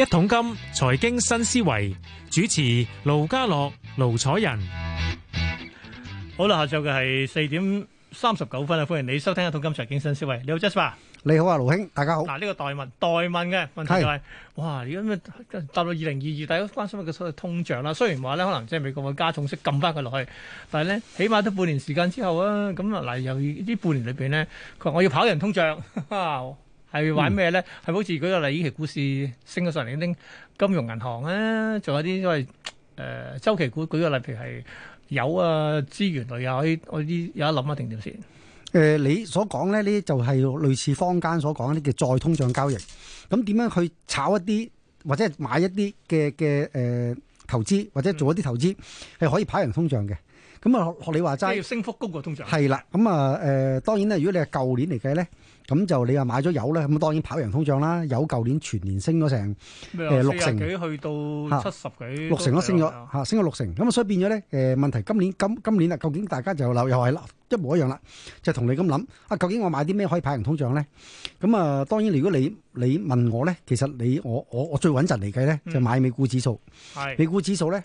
一桶金財經新思維主持盧家樂、盧楚仁，好啦，下晝嘅係四點三十九分啦，歡迎你收聽一桶金財經新思維。你好，Jasper，你好啊，盧兄，大家好。嗱，呢個代問代問嘅問題就係：哇，如果咁啊，踏入二零二二，大家關心嘅所謂通脹啦。雖然話咧，可能即係美國會加重式撳翻佢落去，但係咧起碼都半年時間之後啊。咁啊，嗱，由於呢半年裏邊咧，佢話我要跑贏通脹。係玩咩咧？係好似舉個例，呢期股市升咗上嚟，拎金融銀行咧，仲有啲因為誒周期股。舉個例，譬如係有啊、資源類啊，可以我啲有得諗啊，定點先？誒，你所講咧呢啲就係類似坊間所講一啲嘅再通脹交易。咁點樣去炒一啲或者買一啲嘅嘅誒投資，或者做一啲投資係可以跑贏通脹嘅？咁啊，學你話齋，你要升幅高過通脹。係啦，咁啊，誒，當然咧，如果你係舊年嚟計咧，咁就你啊買咗油咧，咁當然跑贏通脹啦。油舊年全年升咗成誒六成，幾去到七十幾，六成都，升咗嚇，升咗六成。咁啊，所以變咗咧，誒問題，今年今今年啊，究竟大家就流又係一模一樣啦，就同你咁諗啊，究竟我買啲咩可以跑贏通脹咧？咁啊，當然如果你你問我咧，其實你我我我最穩陣嚟計咧，就買美股指數，係美股指數咧。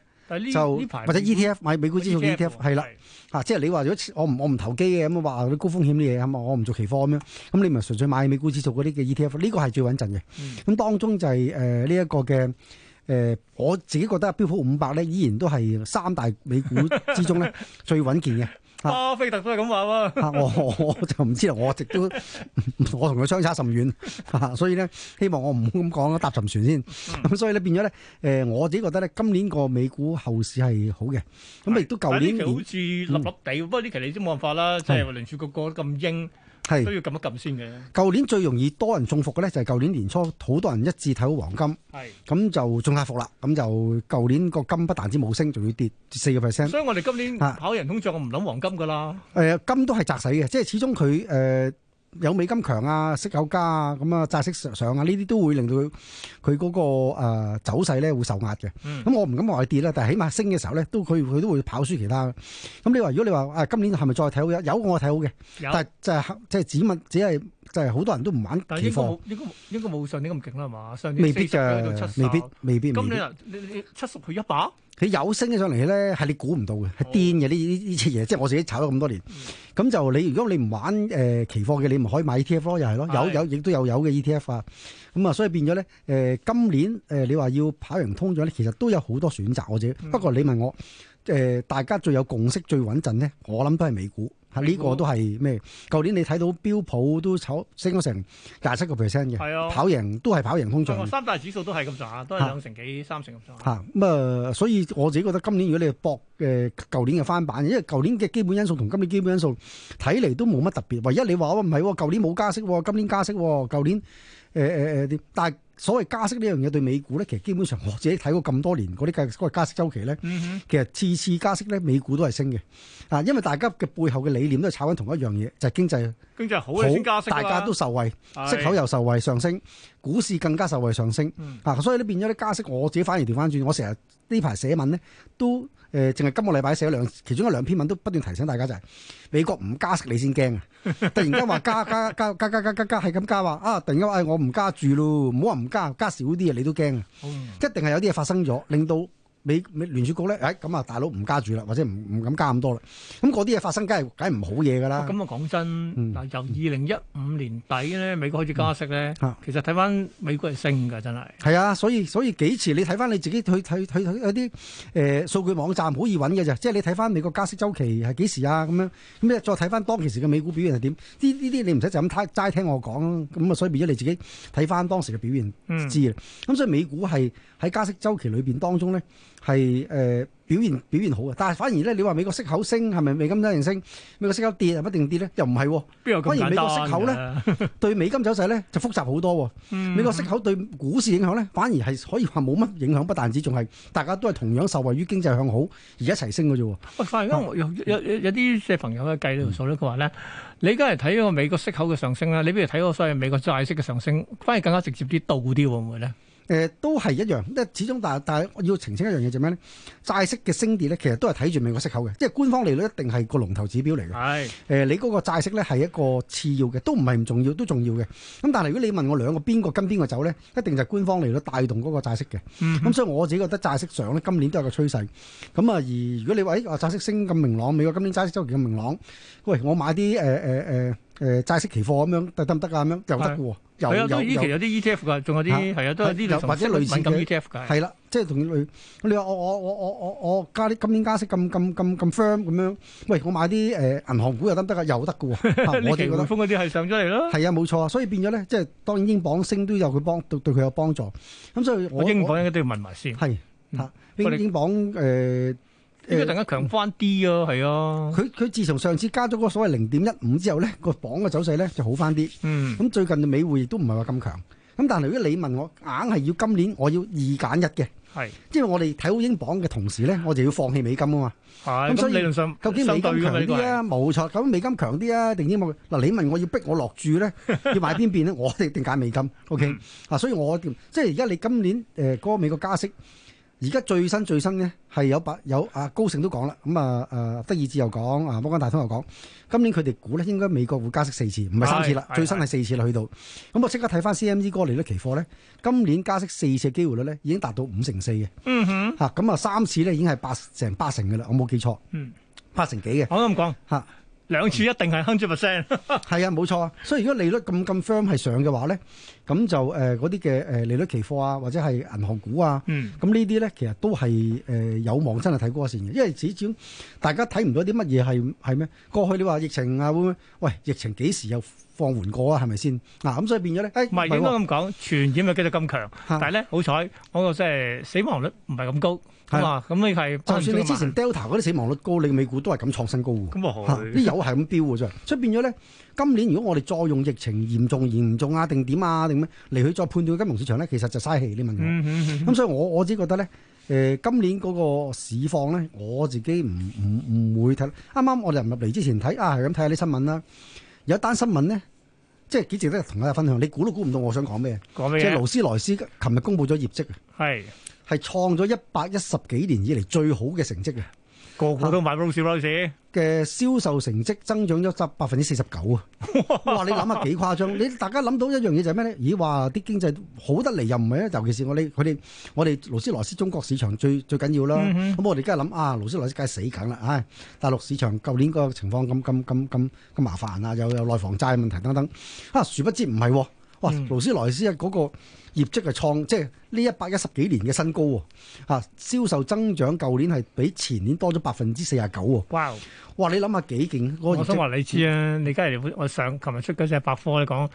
就或者 ETF 買美股指數 ETF 係啦，的的啊，即係你話如果我唔我唔投機嘅咁話啲高風險啲嘢，咁啊我唔做期貨咁樣，咁你咪純粹買美股指數嗰啲嘅 ETF，呢個係最穩陣嘅。咁、嗯、當中就係誒呢一個嘅誒、呃，我自己覺得標普五百咧，依然都係三大美股之中咧 最穩健嘅。巴菲特都係咁話嘛，我我就唔知啦，我直都我同佢相差甚遠， 所以咧希望我唔好咁講啦，搭沉船先。咁、嗯、所以咧變咗咧，誒、呃，我自己覺得咧，今年個美股後市係好嘅，咁亦的都舊年,年。好似立立地，不過呢期你都冇辦法啦，即係話聯儲局個個咁英。係是都要撳一撳先嘅。舊年最容易多人中伏嘅咧，就係舊年年初好多人一致睇好黃金，咁是就中下伏啦。咁就舊年個金不但止冇升，仲要跌四個 percent。所以我哋今年跑人通脹我唔諗黃金噶啦。誒、啊呃，金都係砸死嘅，即係始終佢誒。呃有美金強啊，息口加啊，咁啊債息上上啊，呢啲都會令到佢佢嗰個、呃、走勢咧會受壓嘅。咁、嗯、我唔敢話佢跌啦，但係起碼升嘅時候咧，都佢佢都會跑輸其他。咁你話如果你話啊、哎、今年係咪再睇好嘅？有我睇好嘅，有但係就係即係指物只係就係、是、好多人都唔玩。但係應該冇應該冇上年咁勁啦，係嘛？上年未必就未必未必。未必未必今年啊，你你七十去一百？佢有升起上嚟咧，係、哦、你估唔到嘅，係癲嘅呢呢呢啲嘢。即係我自己炒咗咁多年，咁、嗯、就你如果你唔玩誒、呃、期貨嘅，你唔可以買 ETF 咯，又係咯，有是有亦都有有嘅 ETF 啊。咁、嗯、啊，所以變咗咧誒，今年誒、呃、你話要跑贏通脹咧，其實都有好多選擇我自己。嗯、不過你問我誒、呃，大家最有共識最穩陣咧，我諗都係美股。呢個都係咩？舊年你睇到標普都炒升咗成廿七個 percent 嘅，啊、跑贏都係跑贏通脹。三大指數都係咁賺，都係兩成幾、三成咁賺。嚇咁啊，啊、嗯！所以我自己覺得今年如果你係搏誒舊、呃、年嘅翻版，因為舊年嘅基本因素同今年基本因素睇嚟都冇乜特別。唯一你話喎唔係喎，舊、哦哦、年冇加息、哦，今年加息喎、哦，舊年誒誒誒但係所謂加息呢樣嘢對美股咧，其實基本上我自己睇過咁多年嗰啲，嗰個加息周期咧，嗯哼，其實次次加息咧，美股都係升嘅。啊，因為大家嘅背後嘅理念都係炒緊同一樣嘢，就係經濟。經濟好，經濟好加息大家都受惠，的息口又受惠上升，股市更加受惠上升。啊，所以咧變咗啲加息，我自己反而調翻轉，我成日呢排寫文咧都。誒，淨係、呃、今個禮拜寫咗兩，其中一兩篇文都不斷提醒大家就係、是，美國唔加息你先驚啊！突然間話加加加加加加加係咁加話，啊，突然間話、哎、我唔加住咯，唔好話唔加，加少啲啊，你都驚啊！一定係有啲嘢發生咗，令到。美美聯儲局咧，哎咁啊，大佬唔加住啦，或者唔唔敢加咁多啦。咁嗰啲嘢發生，梗係梗係唔好嘢噶啦。咁啊，講真，嗱、嗯、由二零一五年底咧，美國開始加息咧，嗯啊、其實睇翻美國係升嘅，真係。係啊，所以所以，所以幾次你睇翻你自己去睇睇睇一啲誒、呃、數據網站好易揾嘅啫，即係你睇翻美國加息週期係幾時啊？咁樣咁你再睇翻當其時嘅美股表現係點？呢呢啲你唔使就咁齋齋聽我講，咁啊，所以變咗你自己睇翻當時嘅表現知啦。咁所以美股係。嗯喺加息周期裏邊當中咧，係誒、呃、表現表現好嘅。但係反而咧，你話美國息口升係咪美金一定升？美國息口跌係不一定跌咧，又唔係、啊。反而美國息口咧 對美金走勢咧就複雜好多、啊。嗯、美國息口對股市影響咧反而係可以話冇乜影響，不但止，仲係大家都係同樣受惠於經濟向好而一齊升嘅啫、啊。喂、哎，反而而家有有有有啲嘅朋友喺計、嗯、呢條數咧，佢話咧：你梗係睇個美國息口嘅上升啦，你不如睇嗰個所謂美國債息嘅上升，反而更加直接啲，到啲會唔會咧？誒，都係一樣，即係始終，但係但係，我要澄清一樣嘢就係咩咧？債息嘅升跌咧，其實都係睇住美國息口嘅，即係官方利率一定係個龍頭指標嚟嘅。係。誒，你嗰個債息咧係一個次要嘅，都唔係唔重要，都重要嘅。咁但係如果你問我兩個邊個跟邊個走咧，一定就係官方利率帶動嗰個債息嘅。咁、嗯、哼 所以我自己覺得債息上咧，今年都有個趨勢。咁啊，而如果你話，誒，債息升咁明朗，美國今年債息週期咁明朗，喂，我買啲誒誒誒誒債息期貨咁樣，得唔得啊？咁樣又得㗎喎。的有依期有啲 ETF 噶，仲有啲係啊，都係啲、啊啊、或者類似嘅，係啦，即係、啊啊、同你你話我我我我我我，我加啲今年加息咁咁咁咁 firm 咁樣，喂，我買啲誒銀行股又得唔得啊？又得嘅，我哋嗰啲，嗰啲係上咗嚟咯。係啊，冇錯啊，所以變咗咧，即係當然英鎊升都有佢幫對對佢有幫助。咁、嗯、所以我，我英鎊應該都要問埋先。係啊、英、嗯、英鎊應該更加強翻啲啊，係啊！佢佢自從上次加咗嗰個所謂零點一五之後咧，個榜嘅走勢咧就好翻啲。嗯，咁最近嘅美匯亦都唔係話咁強。咁但係如果你問我，硬係要今年我要二揀一嘅，係是，即係我哋睇好英鎊嘅同時咧，我就要放棄美金啊嘛。係、哎，咁、嗯、所以理論上究竟嘅美金啊，冇錯，究竟美金強啲啊，、這個、啊，定英鎊啊？嗱， 你問我要逼我落注咧，要買邊邊咧？我哋定揀美金。O.K.，啊、嗯，嗯、所以我即係而家你今年誒嗰個美國加息。而家最新最新呢係有百有阿、啊、高盛都講啦，咁啊誒德意志又講，啊摩根大通又講，今年佢哋估咧應該美國會加息四次，唔係三次啦，哎、最新係四次啦，去到，咁、哎、我即刻睇翻 CME 過嚟啲期貨咧，今年加息四次嘅機會率咧已經達到五成四嘅，嗯哼，嚇咁啊三次咧已經係八,八成八成嘅啦，我冇記錯，嗯，八成幾嘅，我都咁講吓。啊兩次一定係 hundred percent，係啊，冇錯啊。所以如果利率咁咁 firm 係上嘅話咧，咁就誒嗰啲嘅誒利率期貨啊，或者係銀行股啊，咁、嗯、呢啲咧其實都係誒、呃、有望真係睇高一線嘅，因為始終大家睇唔到啲乜嘢係係咩？過去你話疫情啊，會喂疫情幾時有？放緩過係咪啊，係咪先？嗱咁所以變咗咧，唔、哎、係不過應該咁講，傳染嘅機率咁強，啊、但係咧好彩嗰個即係死亡率唔係咁高，係嘛、啊？咁你係就算你之前 Delta 嗰啲死亡率高，你嘅美股都係咁創新高喎。咁、嗯、啊，啲油係咁飆嘅啫。所以變咗咧，今年如果我哋再用疫情嚴重嚴重啊，定點啊，定咩嚟去再判斷金融市場咧，其實就嘥氣啲問題。咁、嗯嗯嗯、所以我我只覺得咧，誒、呃、今年嗰個市況咧，我自己唔唔唔會睇。啱啱我哋入嚟之前睇啊，係咁睇下啲新聞啦。有一單新聞咧，即係幾值得同大家分享。你估都估唔到，我想講咩？講咩？即係勞斯萊斯琴日公布咗業績啊！係係的創咗一百一十幾年以嚟最好嘅成績啊！個個都買 Rolls-Royce 嘅銷售成績增長咗十百分之四十九啊！ 哇，你諗下幾誇張？你大家諗到一樣嘢就係咩咧？咦，話啲經濟好得嚟，又唔係啊，尤其是我哋佢哋我哋勞斯萊斯中國市場最最緊要啦。咁、嗯、哼我哋而家諗啊，勞斯萊斯梗係死梗啦！唉，大陸市場舊年個情況咁咁咁咁咁麻煩啊，又有內房債問題等等。吓、啊，殊不知唔係。勞斯萊斯啊，嗰個業績係創，即係呢一百一十幾年嘅新高喎。啊，銷售增長舊年係比前年多咗百分之四十九喎。哇！哇，你諗下幾勁？那個，我想話你知啊，你梗係我上，琴日出嗰隻百科你講。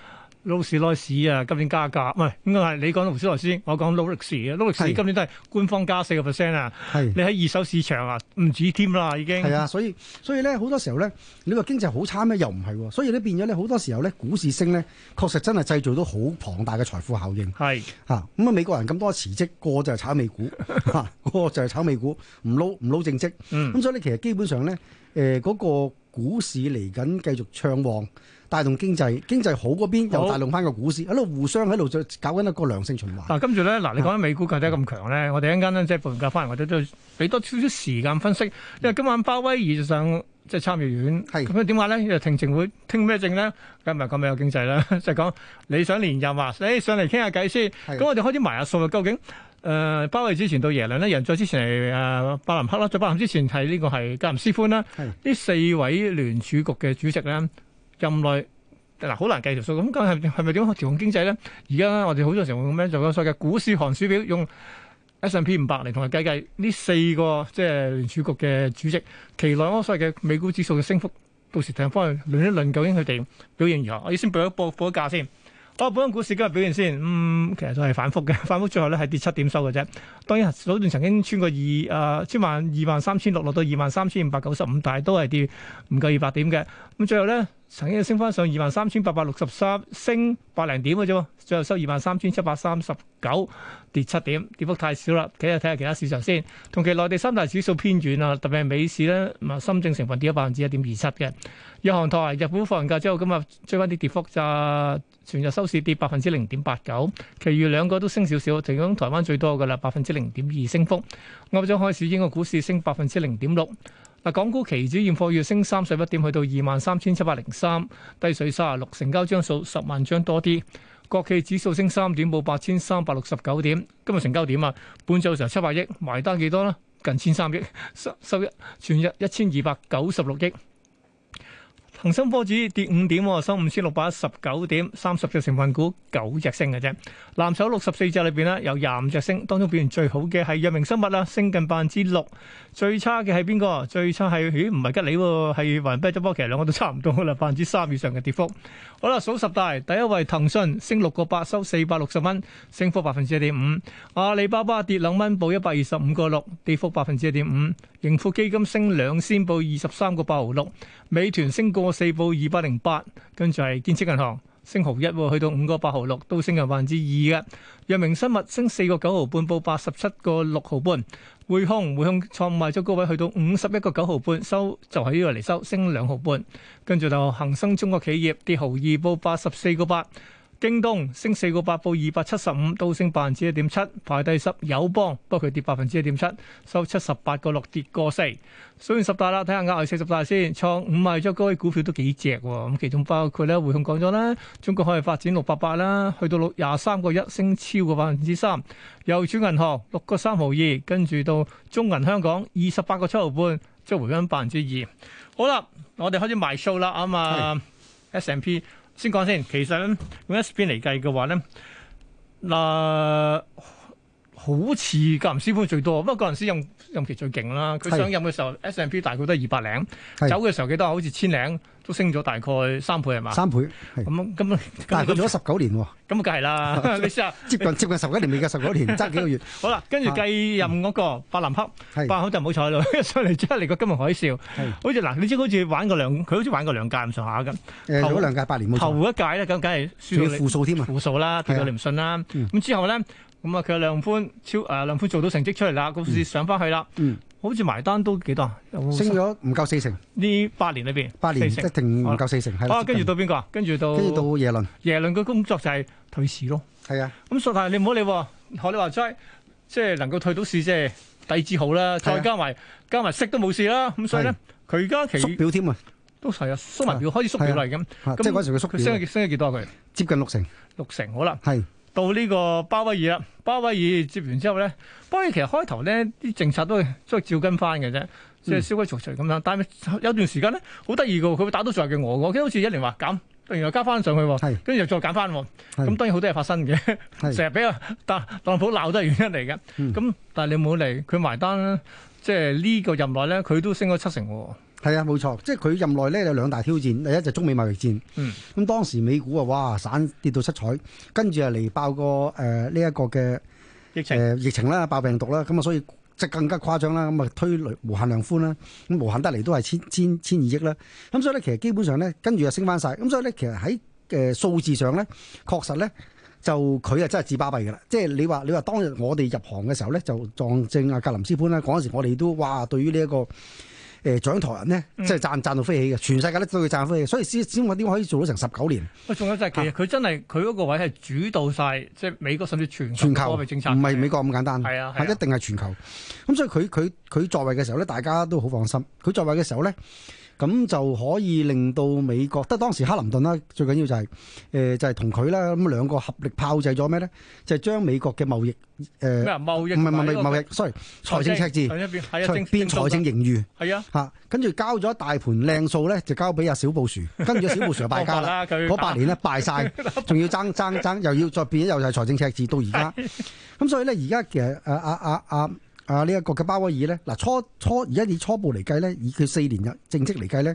勞斯萊斯啊，今年加價，唔係應該係你講勞斯萊斯，我講勞力士，勞力士今年都係官方加四個 percent 啊，是你喺二手市場啊，唔止添啦已經。係啊，所以所以咧好多時候咧，你話經濟好差咩？又唔係，啊，所以你變咗咧好多時候咧，股市升咧，確實真係製造到好龐大嘅財富效應。係吓是，咁啊，美國人咁多辭職，個就係炒美股， 個就係炒美股，唔撈唔撈正職。咁，嗯，所以你其實基本上咧，誒、呃、嗰、那個股市嚟緊繼續暢旺。帶動經濟，經濟好嗰邊又帶動翻個股市，喺度好互相喺度再搞緊一個良性循環。嗱、啊，跟住咧，嗱，你講緊美股究竟咁強咧？我哋一陣間咧即係分析翻，或者都俾多少少時間分析。嗯、因為今晚鮑威爾就上即係參議院，咁啊點解咧？因為聽證會聽咩證咧？今日今日有經濟啦， 就係講你想連任啊？你上嚟傾下偈先。咁是我哋開啲埋下數啊，究竟誒鮑、呃、威爾之前到耶倫咧，耶倫之前係誒伯南克啦，再巴林之前係呢個係格林斯潘啦，呢是是四位聯儲局嘅主席咧。任耐，嗱、啊、好難計條數，咁咁係係咪點調控經濟咧？而家我哋好多時候咁樣做個所謂嘅股市寒暑表，用 S&P 五百嚟同佢計計呢四個即係、就是、聯儲局嘅主席，其內所謂嘅美股指數嘅升幅，到時睇下翻去論一論究竟佢哋表現如何。我先報一報報一價先。我、哦、本身股市今日表現先，嗯，其實都係反覆嘅，反覆最後咧係跌七點收嘅啫。當然早段曾經穿過二誒、呃，穿萬二萬三千六，落到二萬三千五百九十五，但係都係跌唔夠二百點嘅。咁最後咧。曾經升翻上二萬三千八百六十三，升百零點嘅啫喎，最後收二萬三千七百三十九，跌七點，跌幅太少啦。睇下睇下其他市場先，同期內地三大指數偏軟啊，特別係美市咧，咪深證成分跌咗百分之一點二七嘅。日韓台，日股放完假之後，今日追翻啲跌幅咋，全日收市跌百分之零點八九。其餘兩個都升少少，其中台灣最多噶啦，百分之零點二升幅。歐洲開始，英國股市升百分之零點六。嗱，港股期指現貨月升三十一點，去到二萬三千七百零三，低水三十六，成交張數十萬張多啲。國企指數升三點，報八千三百六十九點。今日成交點啊，半早時候七百億，埋單幾多呢？近千三億，收收益全日一千二百九十六億。恒生科指跌五點，收五千六百一十九點，三十隻成分股九隻升嘅啫。藍籌六十四隻裏邊呢，有廿五隻升，當中表現最好嘅係藥明生物啦，升近百分之六。最差嘅係邊個？最差係咦？唔係吉利喎、哦，係云百周其奇，兩個都差唔多噶啦，百分之三以上嘅跌幅。好啦，數十大第一位騰訊，騰訊升六個八，收四百六十蚊，升幅百分之一點五。阿里巴巴跌兩蚊，報一百二十五個六，跌幅百分之一點五。盈富基金升兩仙，報二十三個八毫六。美團升過四，報二百零八，跟住係建設銀行升毫一，去到五個八毫六，都升近百分之二嘅。藥明生物升四個九毫半，報八十七個六毫半。匯控匯控創賣咗高位，去到五十一個九毫半，收就喺呢度嚟收，升兩毫半。跟住就恒生中國企業跌毫二，2, 報八十四個八。京東升四個八到二百七十五，都升百分之一點七，排第十。友邦不過佢跌百分之一點七，收七十八個六，跌過四。數完十大啦，睇下額外四十大先，創五萬咗高位股票都幾隻、啊，咁其中包括咧，匯控講咗啦，中國可以發展六百八啦，去到六廿三個一，升超過百分之三。郵儲銀行六個三毫二，跟住到中銀香港二十八個七毫半，即係回升百分之二。好啦，我哋開始埋數啦，啊嘛，S&P。先講先，其實咧用 S&P 嚟計嘅話咧，嗱、呃、好似格林斯潘最多，不過格林斯用任期最勁啦。佢上任嘅時候 S&P 是大概都係二百零，是走嘅時候幾多啊？好似千零。都升咗大概三倍係嘛？三倍，咁咁，但係佢做咗十九年喎。咁啊，梗係啦。你睇下，接近接近十九年未嘅十九年，差幾個月。好啦，跟住繼任嗰個柏林黑，柏林黑就唔好彩咯，上嚟即刻嚟個金融海嘯。係，好似嗱，你知好似玩過兩，佢好似玩過兩屆咁上下嘅。誒，頭嗰兩屆八年冇錯。頭一屆咧，咁梗係輸咗。負數添啊？負數啦，如果你唔信啦。咁之後咧，咁啊，佢阿梁寬超，誒梁寬做到成績出嚟啦，股市上翻去啦。嗯。好似埋單都幾多，升咗唔夠四成。呢八年呢邊，八年一定唔夠四成。係啊，跟住到邊個啊？跟住到跟住到耶倫。耶倫嘅工作就係退市咯。係啊，咁蘇太你唔好理，學你話齋，即係能夠退到市，即係底子好啦。再加埋加埋息都冇事啦。咁所以咧，佢而家其縮表添啊，都係啊，縮埋表開始縮表嚟咁。即係嗰時佢縮，升升咗幾多佢？接近六成，六成好啦。係。到呢個鮑威爾，鮑威爾接完之後咧，鮑威爾其實開頭咧啲政策都都照跟翻嘅啫，嗯、即係蕭規曹隨咁樣。但係有段時間咧，好得意嘅喎，佢會打到最後嘅我我即係好似一年話減，然後加翻上去，跟住又再減翻。咁是當然好多嘢發生嘅，成日俾阿當特朗普鬧都係原因嚟嘅。咁、嗯嗯、但係你冇理，佢埋單咧，即係呢個任內咧，佢都升咗七成喎、呃。係啊，冇錯，即係佢任內咧有兩大挑戰，第一就中美貿易戰。嗯。咁當時美股啊，哇，散跌到七彩，跟住又嚟爆、呃這個誒呢一個嘅疫情誒疫情啦，爆病毒啦，咁啊所以即係更加誇張啦，咁啊推無限量寬啦，咁無限得嚟都係千千千二億啦。咁、啊、所以咧，其實基本上咧，跟住就升翻晒。咁、啊、所以咧，其實喺誒數字上咧，確實咧就佢啊真係自巴閉噶啦。即係你話你話當日我哋入行嘅時候咧，就撞正啊格林斯潘啦。嗰陣時我哋都哇，對於呢一個。誒掌舵人呢，嗯、即係讚讚到飛起嘅，全世界都對佢讚飛，所以先先我點可以做到成十九年？喂，仲有就係其實佢真係佢嗰個位係主導晒，即係美國甚至全球嘅政策，唔係美國咁簡單，係啊，係、啊啊、一定係全球。咁所以佢佢佢在位嘅時候咧，大家都好放心。佢在位嘅時候咧。咁就可以令到美國，得當時克林頓啦，最緊要就係誒，就係同佢啦，咁兩個合力炮製咗咩咧？就係將美國嘅貿易誒貿易唔係唔係貿易，sorry，財政赤字變財政盈餘，係啊，嚇，跟住交咗大盤靚數咧，就交俾阿小布殊，跟住小布殊就敗家啦，嗰八年咧敗晒，仲要爭爭爭，又要再變又就係財政赤字，到而家，咁所以咧而家其實啊啊啊！啊！這個、呢一個嘅鮑威爾咧，嗱初初而家以初步嚟計咧，以佢四年嘅政績嚟計咧，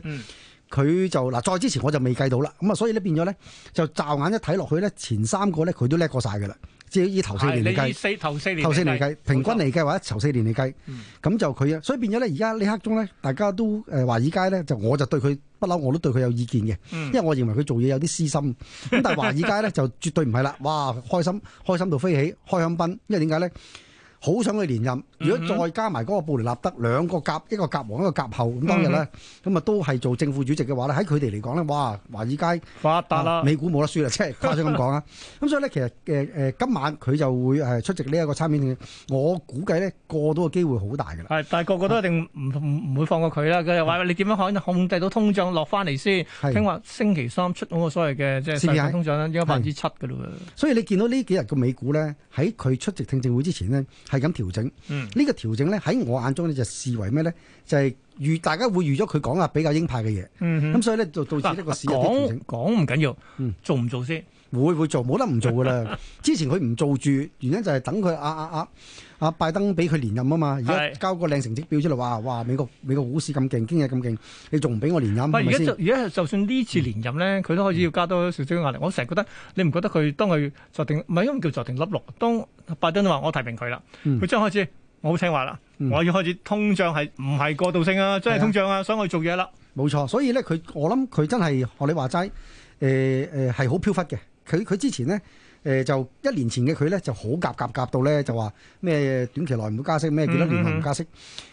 佢、嗯、就嗱再之前我就未計到啦。咁啊，所以咧變咗咧，就驟眼一睇落去咧，前三個咧佢都叻過晒㗎啦。至於頭四年嚟、哎、頭四年計好平均嚟計或者頭四年嚟計，咁、嗯、就佢啊。所以變咗咧，而家呢刻中咧，大家都誒華爾街咧，就我就對佢不嬲，我都對佢有意見嘅，嗯、因為我認為佢做嘢有啲私心。咁但係華爾街咧 就絕對唔係啦，哇！開心開心到飛起，開香檳。因為點解咧？好想去連任，如果再加埋嗰個布雷納德兩個夾一個夾王一個夾后，咁當日咧咁啊都係做正副主席嘅話咧，喺佢哋嚟講咧，哇，華爾街發達啦、啊，美股冇得輸啦，即係誇張咁講啊！咁所以咧，其實誒誒、呃、今晚佢就會誒出席呢一個參議院，我估計咧過到嘅機會好大㗎啦。係，但係個個都一定唔唔唔會放過佢啦。佢又話你點樣可控制到通脹落翻嚟先？聽話是星期三出嗰個所謂嘅即係世界通脹應該百分之七嘅嘞喎。所以你見到呢幾日嘅美股咧，喺佢出席聽證會之前呢。係咁調整，嗯，呢個調整咧喺我眼中咧就視為咩咧？就係、是。預大家會預咗佢講啊比較鷹派嘅嘢，咁、嗯、哼所以呢，就導致呢個市一啲調整。講唔緊要，嗯、做唔做先？會會做，冇得唔做噶啦。 之前佢唔做住，原因就係等佢啊啊啊啊，啊，啊拜登俾佢連任啊嘛。而家是交個靚成績表出嚟，話哇，哇美國美國股市咁勁，經濟咁勁，你仲唔俾我連任？而家就而家吧就，就算呢次連任呢，佢、嗯、都開始要加多少少壓力。我成日覺得你唔覺得佢當佢坐定唔係因為叫坐定粒六？當拜登話我提名佢啦，佢將開始。好清華啦，我要、嗯、開始通脹係唔係過度性啊，真係通脹啊，所以我要做嘢啦。冇錯，所以咧佢，我諗佢真係學你話齋，誒誒係好飄忽嘅。佢佢之前咧，誒、呃、就一年前嘅佢咧就好夾夾夾到咧就話咩短期內唔會加息，咩幾多年後唔加息。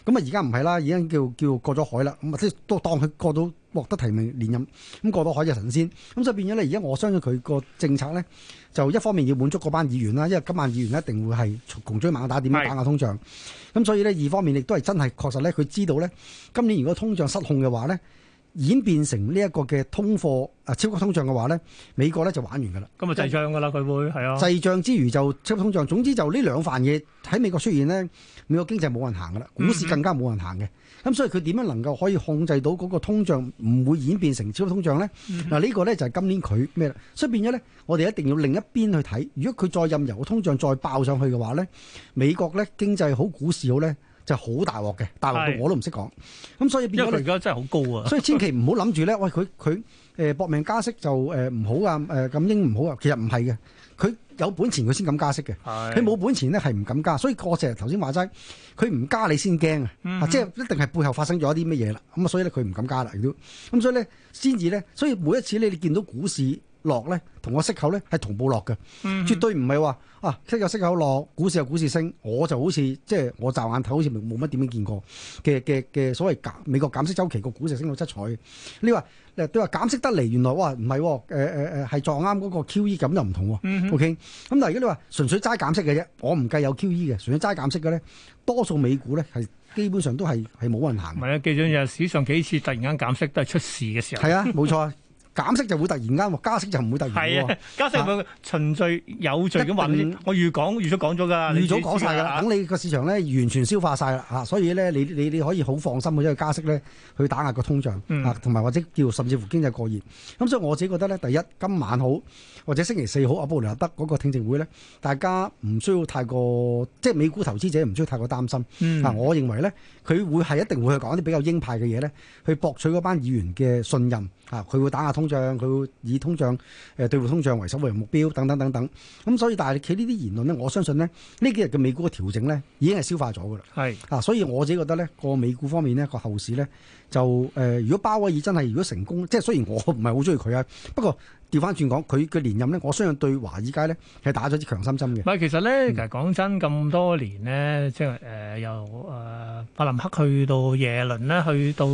咁啊而家唔係啦，已經叫叫過咗海啦。咁啊即係都當佢過到。獲得提名連任，咁過到海就神仙，咁就變咗咧。而家我相信佢個政策咧，就一方面要滿足嗰班議員啦，因為今晚議員一定會係窮追猛打，點樣打壓通脹。咁是所以咧，二方面亦都係真係確實咧，佢知道咧，今年如果通脹失控嘅話咧，演變成呢一個嘅通貨啊超級通脹嘅話咧，美國咧就玩完噶啦。咁啊，滯脹噶啦，佢會係啊，滯脹之餘就超級通脹。總之就呢兩番嘢喺美國出現，雖然咧美國經濟冇人行噶啦，股市更加冇人行嘅。嗯嗯咁所以佢點樣能夠可以控制到嗰個通脹唔會演變成超通脹咧？嗱呢、mm hmm. 個咧就係今年佢咩啦？所以變咗咧，我哋一定要另一邊去睇。如果佢再任由通脹再爆上去嘅話咧，美國咧經濟好、股市好咧，就好大鑊嘅。大陸是我都唔識講。咁所以變咗，佢而家真係好高啊！ 所以千祈唔好諗住咧，喂佢佢誒搏命加息就誒唔、呃呃呃、好啊誒緊張唔好啊，其實唔係嘅。佢有本錢佢先敢加息嘅，佢冇是的 本錢咧係唔敢加，所以我成日頭先話齋，佢唔加你先驚、嗯嗯、啊，即係一定係背後發生咗啲乜嘢啦，咁啊所以咧佢唔敢加啦，亦都，咁所以咧先至咧，所以每一次咧你見到股市，落咧，同個息口咧係同步落嘅，嗯、哼絕對唔係話啊息口、息口落，股市又股市升。我就好似即係我驟眼睇，好似冇乜點樣見過嘅嘅嘅所謂減美國減息周期個股市升到七彩。你話你話減息得嚟，原來哇唔係喎，誒誒誒係撞啱嗰個 QE，咁又唔同喎。O K，咁但係如果你話純粹齋減息嘅啫，我唔計有 QE 嘅，純粹齋減息嘅咧，多數美股咧係基本上都係係冇運行嘅。係啊，記咗，啊，史上幾次突然間減息都係出事嘅時候。係啊，冇錯。減息就會突然間，加息就唔會突然。係啊，加息佢循序有序咁運。定我預講預早講咗㗎，預早講晒㗎啦。等你個市場咧完全消化晒啦嚇，所以咧你你你可以好放心，因為加息咧去打壓個通脹啊，同埋或者叫甚至乎經濟過熱。咁、嗯、所以我自己覺得咧，第一今晚好或者星期四好阿布萊德嗰個聽證會咧，大家唔需要太過即係美股投資者唔需要太過擔心啊。嗯、我認為咧佢會係一定會去講一啲比較鷹派嘅嘢咧，去博取嗰班議員嘅信任嚇，佢會打壓通。通脹佢會以通脹誒對付通脹為首要目標等等等等，咁、嗯、所以但係佢呢啲言論呢，我相信咧呢幾日嘅美股嘅調整呢已經係消化咗噶啦。係是啊，所以我自己覺得呢個美股方面呢，個後市呢，就誒、呃，如果鮑威爾真係如果成功，即係雖然我唔係好中意佢啊，不過調返轉講，佢嘅連任呢，我相信對華爾街呢係打咗支強心針嘅。唔係，其實呢，其實講真咁多年呢，嗯、即係誒，由誒法林克去到耶倫呢，去到。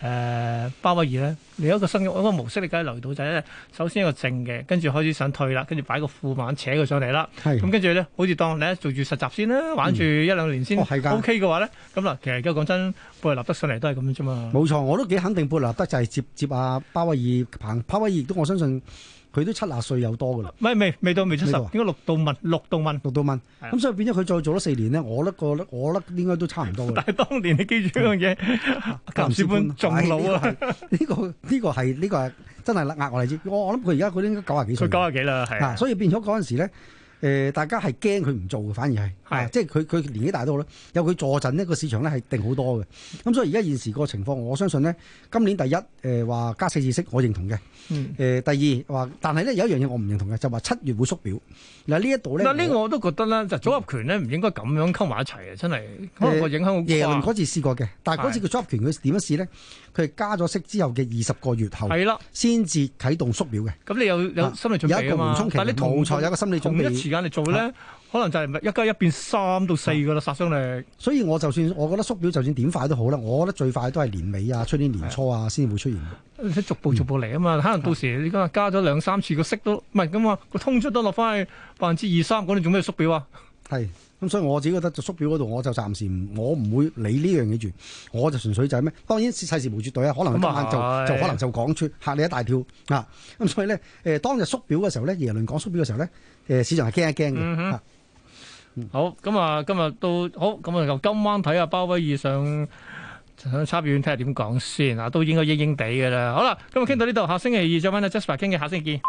誒，鮑、呃、威爾咧，你一個新一個模式，你梗係留意到仔、就、咧、是。首先一個靜嘅，跟住開始想退啦，跟住擺個副板扯佢上嚟啦。係的。咁跟住咧，好似當你做住實習先啦，玩住一兩年先、OK 嗯。哦，O K 嘅話咧，咁啦，其實而家講真，貝納德上嚟都係咁啫嘛。冇錯，我都幾肯定貝納德就係接接阿、啊、鮑威爾彭。鮑威爾都我相信。佢都七十歲有多噶啦，咪咪未到未出世，到應該六度蚊六度蚊六度蚊，咁的所以變咗佢再做咗四年咧，我覺得個我覺得應該都差唔多 但係當年你記住呢樣嘢，壽仲老啊！呢、哎呢個呢、呢個係呢、呢個係、呢個呢個、真係壓我哋知，我我諗佢而家佢應該九十幾歲。九十幾啦，係啊，所以變咗嗰陣時咧。誒、呃，大家係驚佢唔做，反而係，係的、啊、即係佢佢年紀大都好啦，有佢坐鎮呢個市場咧係定好多嘅。咁、啊、所以而家現時個情況，我相信咧，今年第一誒話、呃、加四次息我認同嘅。嗯、呃。第二話，但係咧有一樣嘢我唔認同嘅，就話、是、七月會縮表。嗱呢一度咧，嗱呢個我都覺得啦，就我組合拳咧唔應該咁樣溝埋一齊啊！呃、真係，可能個影響好。耶倫嗰次試過嘅，但係嗰次嘅組合拳佢點樣試呢？佢係的加咗息之後嘅二十個月後，係啦，先至啟動縮表嘅。咁的你有有心理準備的、啊、有一個緩衝期，但係你逃錯有個心理準備。而家嚟做咧，啊、可能就係一加一變三到四個啦，殺傷、啊、力。所以我就算，我覺得縮表就算點快都好啦。我覺得最快都係年尾啊，出年年初啊，先的會出現。嗯、逐步逐步嚟啊嘛。可能到時你今日加咗兩三次個息都唔係咁啊，個通出都落翻去百分之二三，咁你做咩縮表啊？係咁，所以我自己覺得就縮表嗰度，我就暫時我唔會理呢樣嘢住。我就純粹就係、是、咩？當然世事無絕對啊，可能就，的就可能就講出吓你一大跳啊！咁所以咧，誒，當日縮表嘅時候咧，耶倫講縮表嘅時候咧。誒，市場係驚一驚嘅。好，咁啊，今日都好，咁啊，就今晚睇下鮑威爾上上參院睇下點講先啊，都應該應應地㗎啦。好啦，今日傾到呢度，嗯、下星期二再揾阿 Jasper 傾嘅，下星期見。